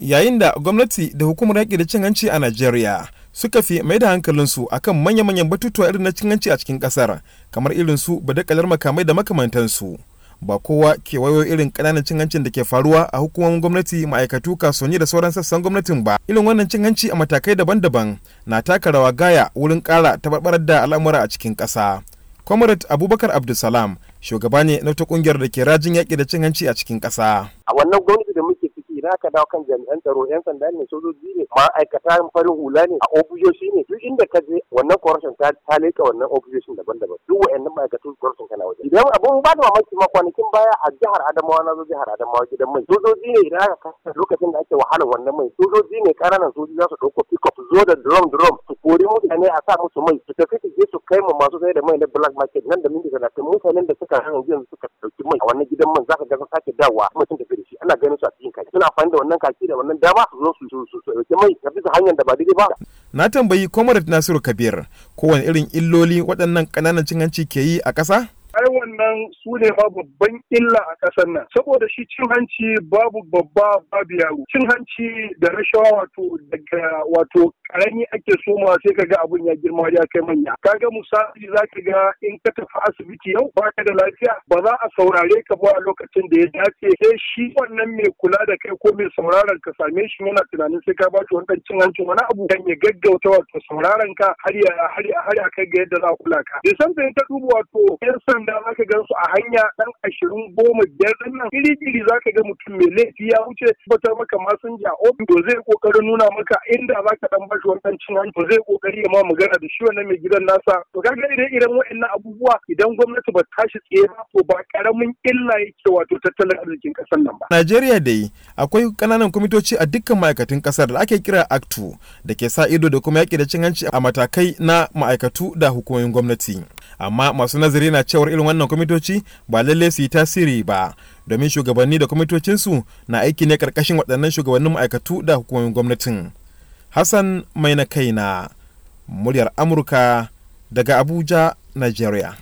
yayin da gwamnati da hukumar yaƙi da cin hanci a Najeriya suka fi mai da hankalinsu kan manya-manyan batutuwa irin na cin hanci a cikin ƙasar kamar irin su ba badakalar makamai da makamantansu. Ba kowa ke wayo irin ƙananan cin hancin da ke faruwa a hukumomin gwamnati ma'aikatu kasuwanni da sauran sassan gwamnatin ba. Irin wannan cin hanci a matakai daban-daban na taka rawa gaya wurin ƙara tabarbarar da al'amura a cikin ƙasa. Comrade Abubakar Abdulsalam shugaba ne na wata kungiyar da ke rajin yaƙi da cin hanci a cikin ƙasa. A wannan gwamnati da muke ina ka dawo kan jami'an tsaro yan sanda ne sojoji ne ma'aikata farin hula ne a ofisoshi ne duk inda ka je wannan corruption ta leka wannan ofisoshin daban-daban duk wa'annan ma'aikatu corruption kana waje idan abun ba da mamaki ma kwanakin baya a jihar Adamawa na zo jihar Adamawa gidan mai sojoji ne idan aka kasa lokacin da ake wahalar wannan mai sojoji ne kananan soji za su ɗauko pick up zo da drum drum su kori mutane a sa musu mai su tafi su je su kai mu masu sai da mai na black market nan da minti talatin mutanen da suka hana yanzu suka ɗauki mai a wannan gidan man za ka ga sun sake dawowa kuma sun tafi da shi ana ganin su a cikin kai suna amfani da wannan kaki da wannan dama su zo su su su mai ka bisa hanyar da ba daidai ba. Na tambayi Comrade Nasiru Kabir kowane irin illoli waɗannan ƙananan cin hanci ke yi a ƙasa? wannan su ne ma babban illa a ƙasar nan saboda shi cin hanci babu babba babu yaro cin hanci da rashawa wato daga wato karami ake soma sai ka ga abun ya girma ya kai manya Ka ga misali za ka ga in ka tafi asibiti yau Ba ka da lafiya ba za a saurare ka ba a lokacin da ya dace sai shi wannan mai kula da kai ko mai sauraron ka same shi yana tunanin sai ka ba shi wani cin hanci wani abu kan ya gaggauta wato sauraron ka har ya har ya kai ga yadda za a kula ka da san ta duba wato yan sanda za ka gan su a hanya dan ashirin goma biyar din nan iri-iri za ka ga mutum mai laifi ya wuce tabbatar maka masinja ofis to zai kokarin nuna maka inda zaka ka dan bashi wannan cin hanci zai kokari ya ma magana da shi wannan mai gidan nasa to ka ga idan irin wa'annan abubuwa idan gwamnati ba tashi tsaye ba to ba karamin illa yake wato tattalin arzikin kasar nan ba. Najeriya dai akwai kananan kwamitoci a dukkan ma'aikatan kasar da ake kira ACTU da ke sa ido da kuma yaƙi da cin hanci a matakai na ma'aikatu da hukumomin gwamnati. amma masu nazari na cewar irin wannan kwamitoci ba lalle su yi tasiri ba domin shugabanni da kwamitocinsu na aiki ne karkashin waɗannan shugabannin ma'aikatu da hukumomin gwamnatin hassan mai na kai na muryar amurka daga abuja nigeria